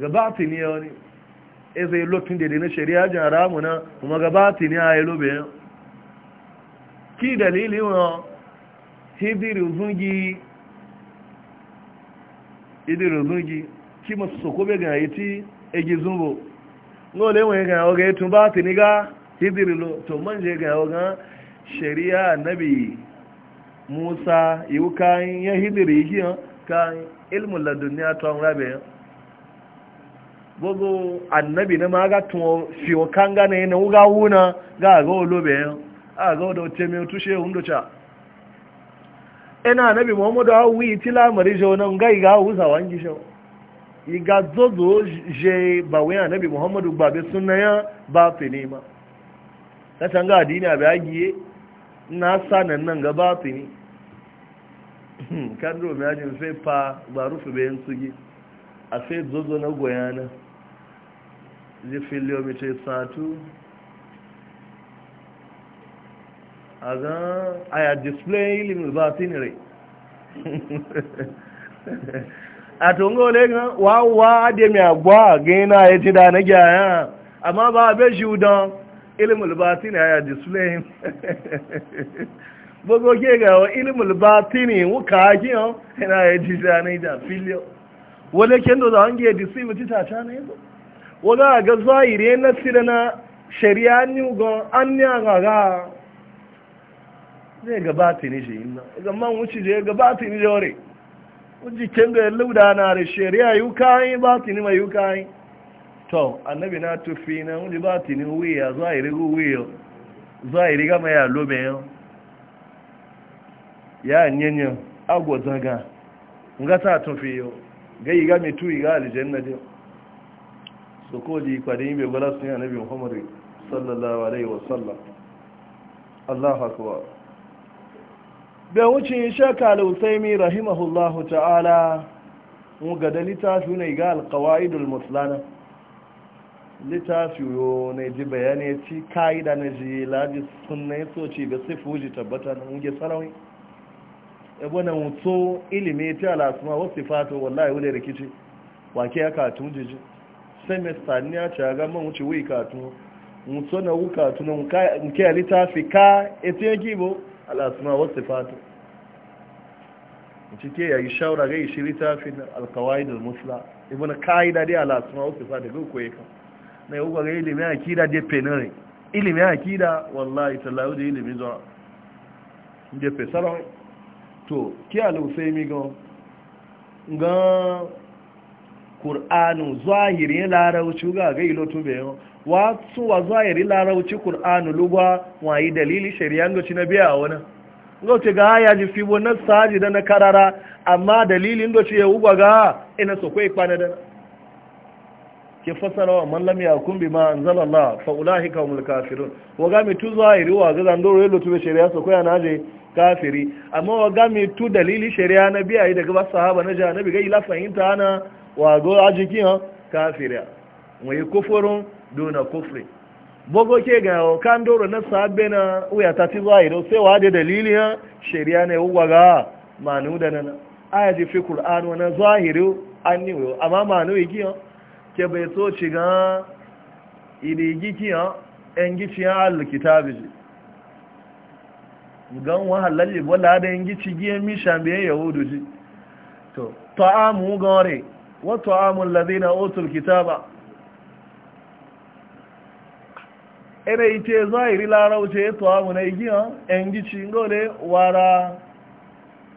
gabati batini ya wani e zai lotun da dina shari'a jan ramu na kuma gabati batini a yi lobe ki dalili wa hidirin zungi hidirin zungi ki masu sokobe ga yi ti egi zumbo nole wani ga yawo ga yi tun ni ga hidirin lo to manje ga yawo ga shari'a nabi musa yi kayan ya hidiri yi kayan ilmin laduniya tuwon rabe ya gbogbo annabi na ma ga tun fi o kanga na yana wuga wuna ga ga olobe yan a ga da ote mai tushe hundu cha ina annabi muhammadu ha wi ti lamari jo na ngai ga wuza wangi jo i zozo je ba we annabi muhammadu ba be sunna ya ba fe ne ma ta tanga adini abi agiye na sanan nan ga ba fe ne hmm, kan do mi ajin fe pa ba rufe be yan sugi a fe zozo na goyana ji filiyomice satu a ga aya display ilimin batin rai <laughs> a tungo le gan wawa da mi agwa gina ya ti da na gyaya amma ba be shi udan ilimin batin aya display gbogbo <laughs> ke ga wa ilimin batin wuka aki ji yana ya ti da na ida filiyo wale kendo da hangi ya display ta na yanzu a ga zahiri na sida na shari'a ni ga an ya ga ga zai gabata ni shi ina ga man wuce je gabata ni jore wuce kin ga lauda na da shari'a yu yi ba tini mai yu yi. to annabi na tufi na wuce ba wuyi a zahiri go wiya zahiri ga mai lobe yau ya nyanyan agwazaga Ngasa tufi yau ga yi ga tu yi ga na dai su ko ji kwadin bai gwada su yi annabi muhammadu sallallahu alaihi wasallam allah akuwa bai wuce shaka al'usaimi rahimahullahu ta'ala ga da littafi ne ga alkawa'idul musulana littafi yo ne ji bayani ci ka'ida na ji laji sunna ya soci ga sifu ji tabbata na muge sarawai e na mutu ilimi ta alasuma wasu fato wallahi wule rikici wake ya katun jiji semester ni a caga man wuce wuyi katu mutu na wu katu na nke alita fi ka etu yake bo al'asuma wasu fatu cike ya yi shawara ga ishi littafin alkawai da musla ibn ka'ida dai al'asuma wasu fatu ga kuwa yakan na yi ugwaga ilimin akida dai penare ilimin akida wallahi tallahi da ilimin zuwa jefe sarawai to ki alusai mi gan gan ƙur'anu zahiri larauci ga ga ilo bayan be wa zahiri larauci ƙur'anu lugwa yi dalili shari'a ngoci na biya wani ce ga ya ji fibo na saji da na karara amma dalilin ngoci ya ugwa ga ina so kai kwana da ke fasara wa man lam yakun bima anzalallah fa ulahi umul kafirun wa ga mi tu zahiri wa ga zandoro to be shari'a so kai na je kafiri amma wa ga mi tu dalili shari'a na biya daga ba sahaba na janabi ga ila fahimta ana. wago a jikin kafira mai kufurin duna kufri bogo ke ga kan doro na na uya ta ti zai do sai wa da dalili ya shari'a ne uwa ga manu da nan aya ji fi qur'an wa na zahiri anni wa amma manu yiki ke bai so ci ga idi yiki ya en gici ya gan da en gici giye mi shambe yahudu ji to ta'amu gore wa ta'amul ladina utul kitaba ene ite zahiri lara uche ta'amu na igiya engici ngole wara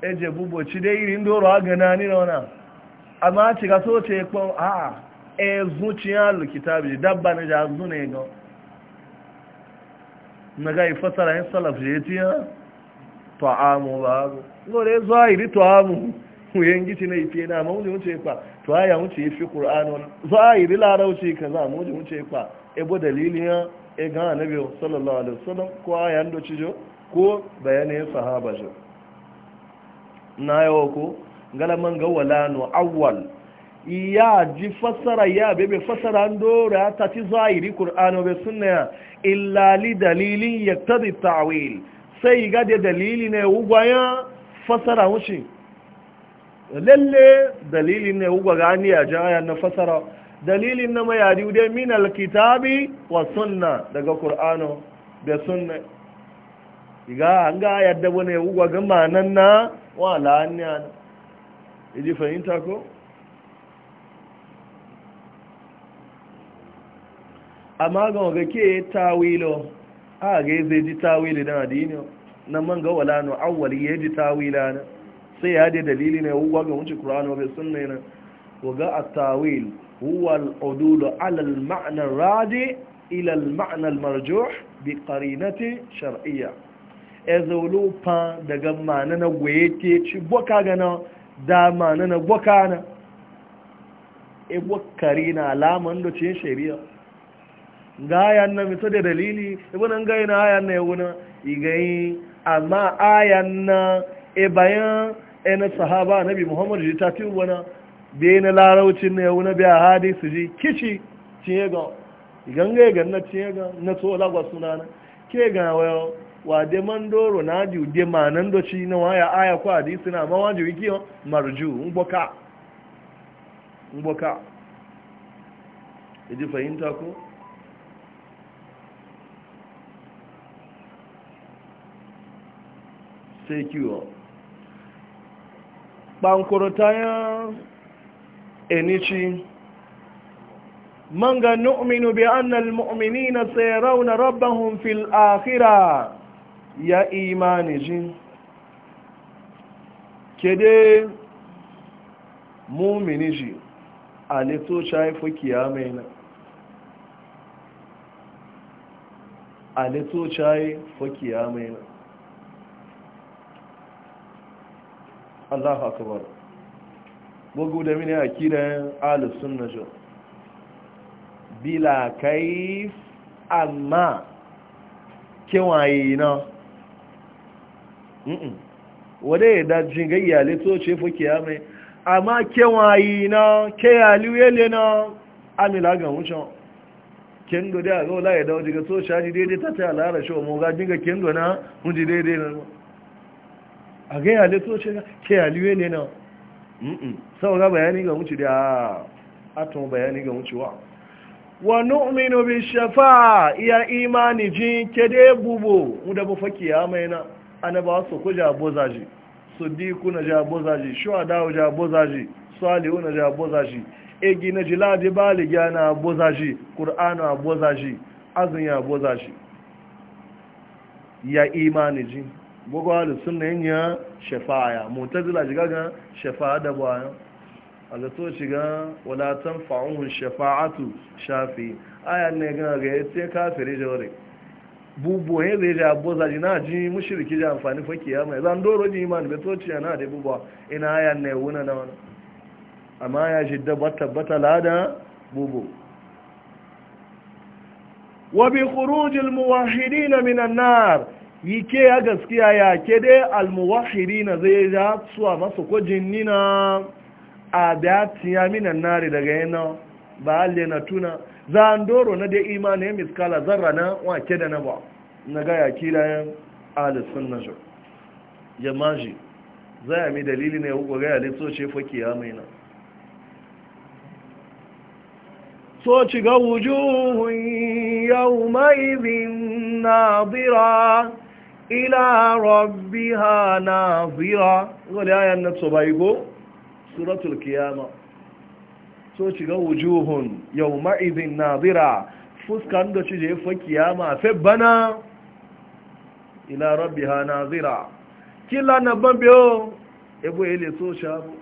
eje bubo chide iri ndoro agana ni nona amma cika so ce ko a e zuciya lukitabi dabba ne ja zune go naga ifasara yin salaf je tiya ta'amu ba ngole zahiri ta'amu wuyen gici na ife na mawuni wuce kwa to aya wuce yi fi ƙur'anon zahiri larauci ka za mu wuce kwa ebo dalilin ya e ga annabi sallallahu alaihi wasallam ko aya ndo cijo ko bayanai sahaba jo na yawo ko galaman ga wala no awwal ya ji fassara ya bebe fassara ndora ta ci zahiri qur'ano be sunna illa li dalilin yaktadi ta'wil sai ga da dalili ne ugwaya fassara wuce lalle dalilin ne ugwa gani a jaya na fasara dalilin na mai yadi dai min alkitabi wa sunna daga qur'ano da sunna iga an ga yadda bane ugwa ga manan na wala anya idi fahimta ko amma ga ga ke tawilo a ga zai ji tawili dan adini nan man ga wala no awwali ya ji tawila na sai ya dai dalili ne huwa ga wuce Qur'ani bai sun ne ga a tawil huwa al alal ma'anar al-ma'na radi ila al-ma'na bi shar'iyya ezolu pa daga ma'ana na goyete ci boka gana da ma'ana na gwaka na e na alaman da ce shari'a e e ga ayan na mito da dalili nan gai na ayan na yuna igayi amma ayan na e bayan na sahaba nabi muhammadu ji ta tiwu wani bai na laraucin na yau na biya hadisu ji kici cinye ga ganga ya ganna cinye ga na tsola gwa suna na ke ga wayo wa de man na ji de manan do ci na waya aya ko hadisi na ma waji wiki marju mboka mboka idi e fahimta ko sai kiwo bankurtaya enichi manga nu'minu bi anna almu'minina sayarawna rabbahum fil akhirah ya jin. kede mu'miniji alito shaifu kiyamaina alito shaifu kiyamaina Allahu akbar gbogbo da mini akidan ahlus sunna na bila bilakai amma kewaye na mm wade da jingayya le to ce fuke ya mai amma kewaye na keyali na amila ga wucin kendo da ga wala ya dawo daga to shaji daidai ta ta lara shi mu ga jinga kendo na mun ji daidai na a ga yale to ce ke yaliwe ne na sau ga bayani ga wuce da atom bayani ga wucewa wa nu'minu bi shafa'a ya imani jin kede bubo mu da bufaki ya mai na anaba su ku ja bozaji sadiku na ja bozaji dawo ja bozaji salihu na ja bozaji egi na jiladi baligya na bozaji qur'anu a bozaji azun ya bozaji ya imani ji bugu alu sunna yin ya shafaya mutazila shiga ga shafa'a da bayan a zato shiga wadatan fa'un shafa'atu shafi ayan ne ga ga ya ce kafiri jore bubu ya zai ja abu zaji na ji mushriki ja amfani ya mai zan doro ji imani bai toci yana da bubu ina ayan ne wuna na wani amma ya shi da tabbata lada bubu wa bi al muwahhidin an nar yi ke ya gaskiya ya ke dai almuwahiri na zai ja suwa masu kwajin nina a da ya minan nari daga yana ba alle na tuna za an doro na dai imanin miskala zarra na wake da na ba na gaya kilayen alisun na shau jamaji za a mi dalili ne hukwa gaya litsoce fakiya mai na so ci ga wujuhun yau mai zin na zira ila rabbiha nazira wani ayan na bai go? suratul kiyama so ci ga wujuhun yau ma'izin nazira fuskan da ci je fa kiyama fe bana ila na zira kila na bambe o ebo ele so shabu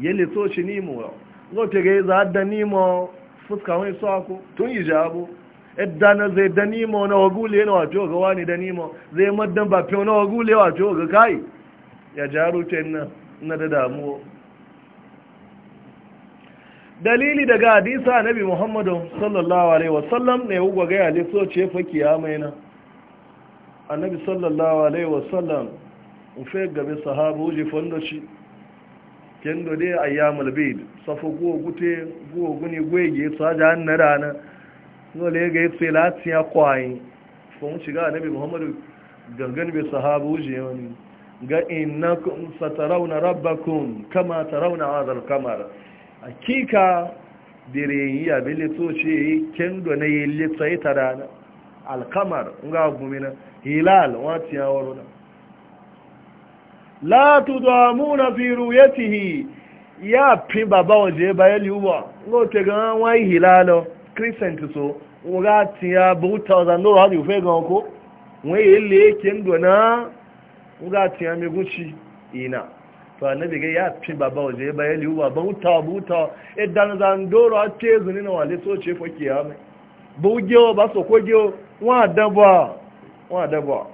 yele so shi nimo yau zo te ga za da nimo fuskan wani so ako tun yi jabu yadda na zai danimo na wagule na wato ga wani danimo zai maddan ba fiye na wagule wato ga kai ya jaru ta na da damuwa dalili daga hadisa nabi muhammadu sallallahu alaihi wasallam ne ugwa ga yale so ce fa kiyama na annabi sallallahu alaihi wasallam ufe gabe sahabu ji fondoci kendo dai ayyamul bid safa go gute go guni gwege saja an na rana nole ga yi tselati ya kwayi kun shiga nabi muhammadu gangan bai sahabu je wani ga innakum satarauna rabakun kama tarauna hadal kamar dire yi abin litoci kendo na yi litsai tara na alkamar nga gumina hilal wati ya waro na la tudamuna fi ruyatihi ya fi baba waje bayan liwa ngote ga wani hilalo christian ti so nga ti ya bu tawza nuru hadi ufe gan ko we yele ke na nga ti ya meguchi ina to annabi ga ya fi baba waje ba yele uwa ba uta buta idan e doro a ce zuni wale so ce fo kiyama bu gyo ba so ko gyo wa dabwa wa dabwa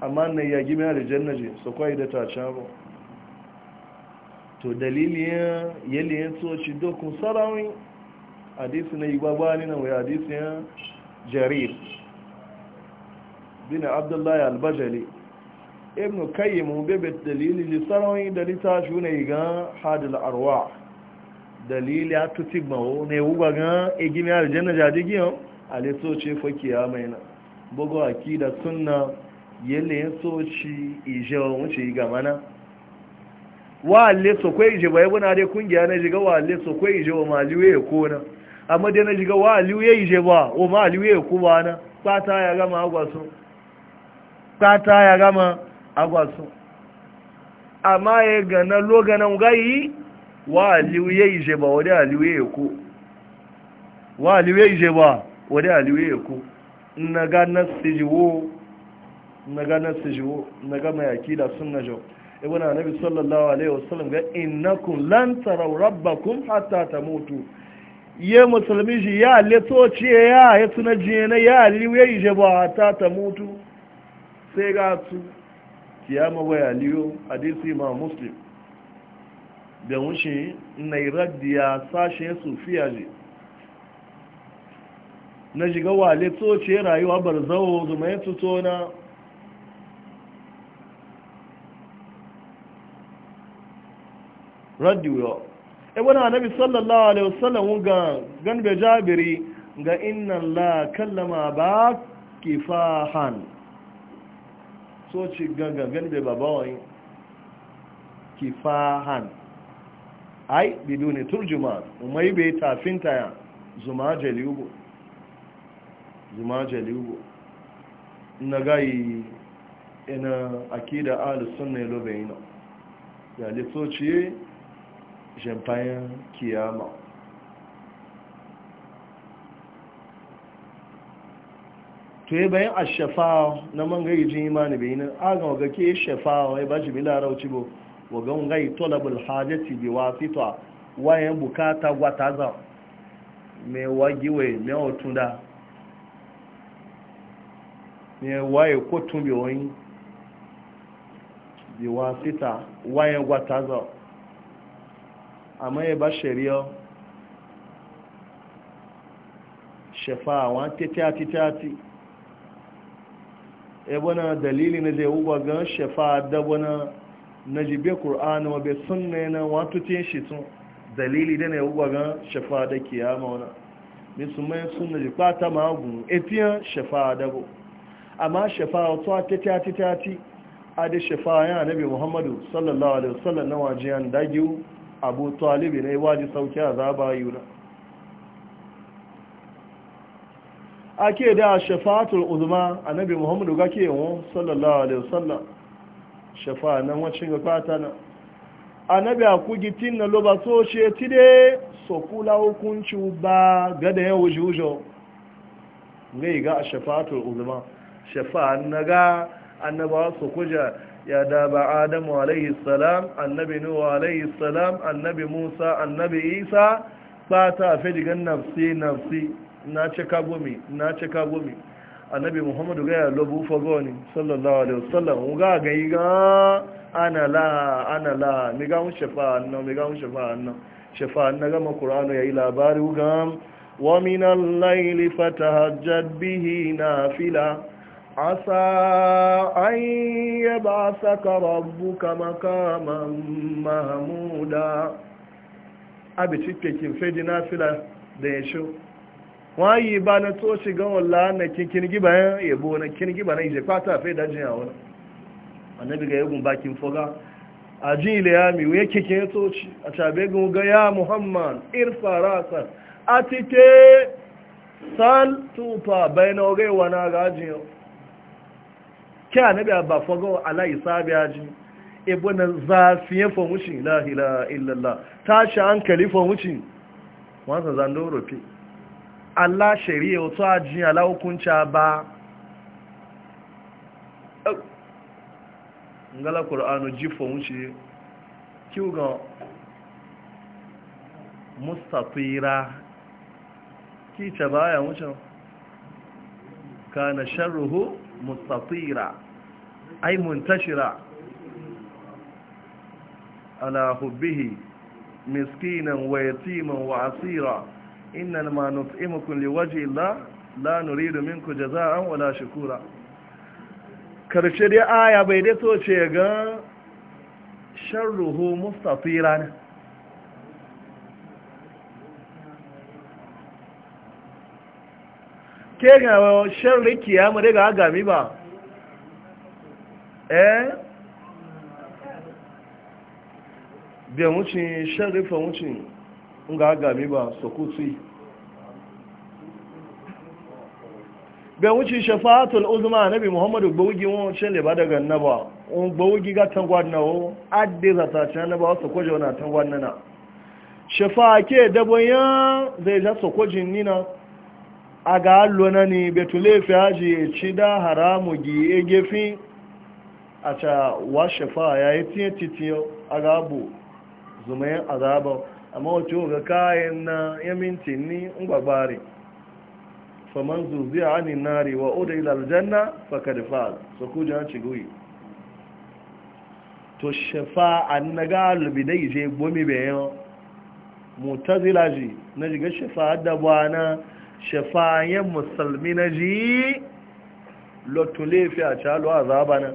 amma ne ya ji da jannaje so ko ida to dalili hadisi na igbabani na wai hadisi ya jarir na abdullahi albajali ibn kayyim bebe dalili lissarawai da littashi ne ga hadil arwa dalili ya tuti gbawo yi wuga ga igini aljanna jajigiyan a fake ya mai na bugu akida ya so ci ije wuce ga mana wa alle so kwai ije bai buna dai kungiya na jiga wa alle so kwai ije wa maliwe ya kona amma madina shiga wa aliyu ya yi ba o ma aliyu ya ku ba na kpata ya gama agwasu kpata ya gama agwasu amma ya gana loganan gayi wa aliyu ya yi je ba wadda aliyu ya ku wa aliyu ya yi je ba wadda aliyu ya ku na ga nasi na ga nasi na ga mayaki da sun na jau e ibn annabi sallallahu alaihi wasallam ga innakum lan kun rabbakum hatta tamutu ye musulmi shi ya leto ya ya tuna jiyana ya liwe yi jaba ta ta mutu sai ga su kiyama waya liyo hadisi ma muslim da wuce sashe sashen sufiya ji na shiga wa leto ce rayuwa barzawo zuma ya tuto na radiyo ibn annabi sallallahu alaihi wasallam ga gan be jabiri ga inna la kallama ba kifahan so ci ganga gan be babawai kifahan ai biduni turjuma umai be tafinta ya zuma jaliugo zuma jaliugo na gayi ina akida ahlus sunna lobe ina ya ci jamfayin kiyama to yi bayan a shafa'a na man gari jin imani bai yi aga waga ke shafa'a ya ba shi bi larauci bo waga gai tolabul hajjati bi wa fito wayan bukata gwata za mai wagiwe mai otun da mai waye ko tun bi wa fita wayan gwata za amma ya ba shari'a shafa'awa titati-tati ebona dalili na zai ugwa gan shafa'a dabona na jibe ƙur'ani wa bai sunne na watutin shi tun dalili da na ya ugwa gan shafa'a da kiyama wana musulman sunna jikpata magun efiyan shafa'a dabo amma shafa'a tuwa titati-tati a da shafa'a yana nabi muhammadu sallallahu alaihi wasallam na wajiyan dagiwu abu talibi ne waji sauki a zaba yuna ake da shafatul uzma annabi muhammadu ke yawon sallallahu alaihi wasallam shafa'a nan wacin ga fata na annabi a tin na loba so ce ti so kula hukunci ba gada yau jujo ga yi ga a uzma shafa'a na ga annabawa kujar ya daba adamu alaihi salam annabi nuhu alaihi salam annabi musa annabi isa ba ta fi digan nafsi nafsi na cika gumi na cika gumi annabi muhammadu gaya lobu fagoni sallallahu alaihi wasallam ga gayi ga ana la ana la mi ga mun shafa annan mi ga mun shafa annan shafa annan ga Ya yi labari ga wa min al-layli fatahajjad bihi nafila عسى أن يبعثك ربك مقاما محمودا abi cike kin sai ji nafila da ya sho wayi ba na to walla na kin kin giba yabo na kin giba na je fata fai ga yagun bakin foga ajin le ya mi we a tabe ga ya muhammad irfa rasa atike sal tufa a na biya ba fago ala a ji ebo na zafiye famucin la ila illallah tashi hankali famucin wansa zando rufe Allah shari'a wato aji ala hukunca ba ngala qur'anu ji famuci kiuga mustafira ki baya wucin kana sharruhu ai muntashira ala hubbihi miskinan wa yatiman wa asira inna ma nut'imukum liwajhi Allah la nuridu minkum jazaa'an wala shukura karshe dai aya bai dai so ce ga sharruhu mustatiran ke ga sharri kiyama daga agami ba eh biya wucin sharifa wucin ga gami ba sokuti biya wucin shafa'atul uzma nabi muhammadu gbogi wọn ṣe lè bá daga naba wọn gbogi ga tangwad na wọn adde zata ce naba wasu kwaje wana tangwad nana shafa'a ke dabon ya zai ja sokojin nina a ga na n'i betule fi haji ya ci da haramu gi egefin a ca washe fa ya yi tiye titiyo arabu zumayen azaba amma wace ga kayan na yaminci ni gbagbari gbagbare faman zuziya anin nari wa oda ila aljanna da fa'al so ku jan ci gui to shafa an naga dai je gomi bayan mutazila ji na jiga shafa da bwana shafa yan musulmi na ji lotulefi a calo azaba na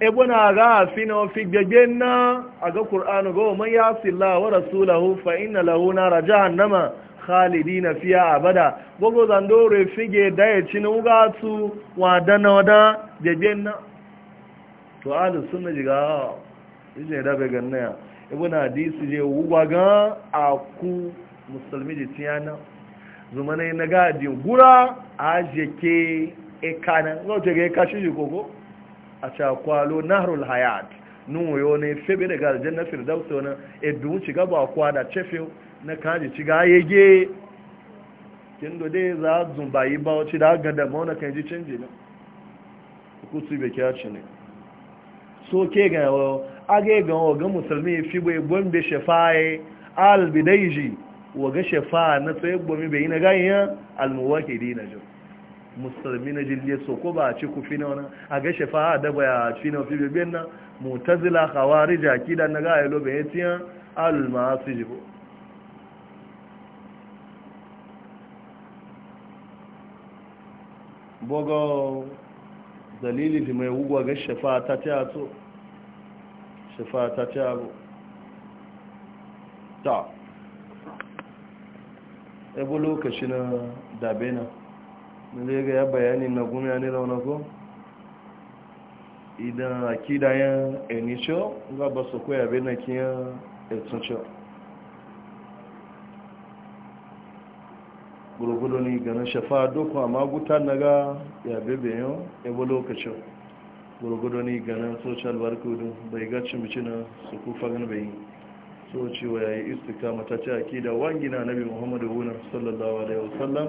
ebuna ga fina fi gagen na a ga ƙur'anu ga wa ya silla wa rasulahu fa inna lahu nara jahannama na fiya abada gogo zando re fige da ya ci na wuga su wada na wada gagen na to ahlus sunna jiga ije da be ganna ya ibn hadisi je wuga ga aku musulmi je tiyana e zumana na gadi gura aje ke ekana no je ga e kashi ji gogo a cakwalo nahrul hayat nun wayo ne febe daga aljanna firdausa wani edun ci gaba kwa da cefe na kaji ci ga yage kin do dai za zumbayi ba wace da ga da mauna kan ji canje na ku su be kiya ci ne so ke ga wa age ga wa ga musulmi fi bai gombe shafa'i al bidaiji wa ga shafa na sai gombe bai na ga yan al muwahidin jo musulmi na jirgin so ko ba a ci ku fina wani a ga shafa da baya ci na fi bibin na mutazila hawari jaki da na gaya lobe ya tiyan alulma su jibo bogo dalili fi mai wugwa ga shafa ta ta to shafa ta ta abu ta ebe lokaci na dabena ne ga ya bayani na gumiya ne wani ko idan yan enisho ga ba su koya bai na kiya etuncho gurgudu ne ganin shafa doko amma maguta na ga ya bebe yau ebe lokacin gurgudu ne ganin social barcode bai ga mace na su kufa gani bai yi so cewa ya yi istika ta ce akida wangina nabi muhammadu wunan sallallahu alaihi wasallam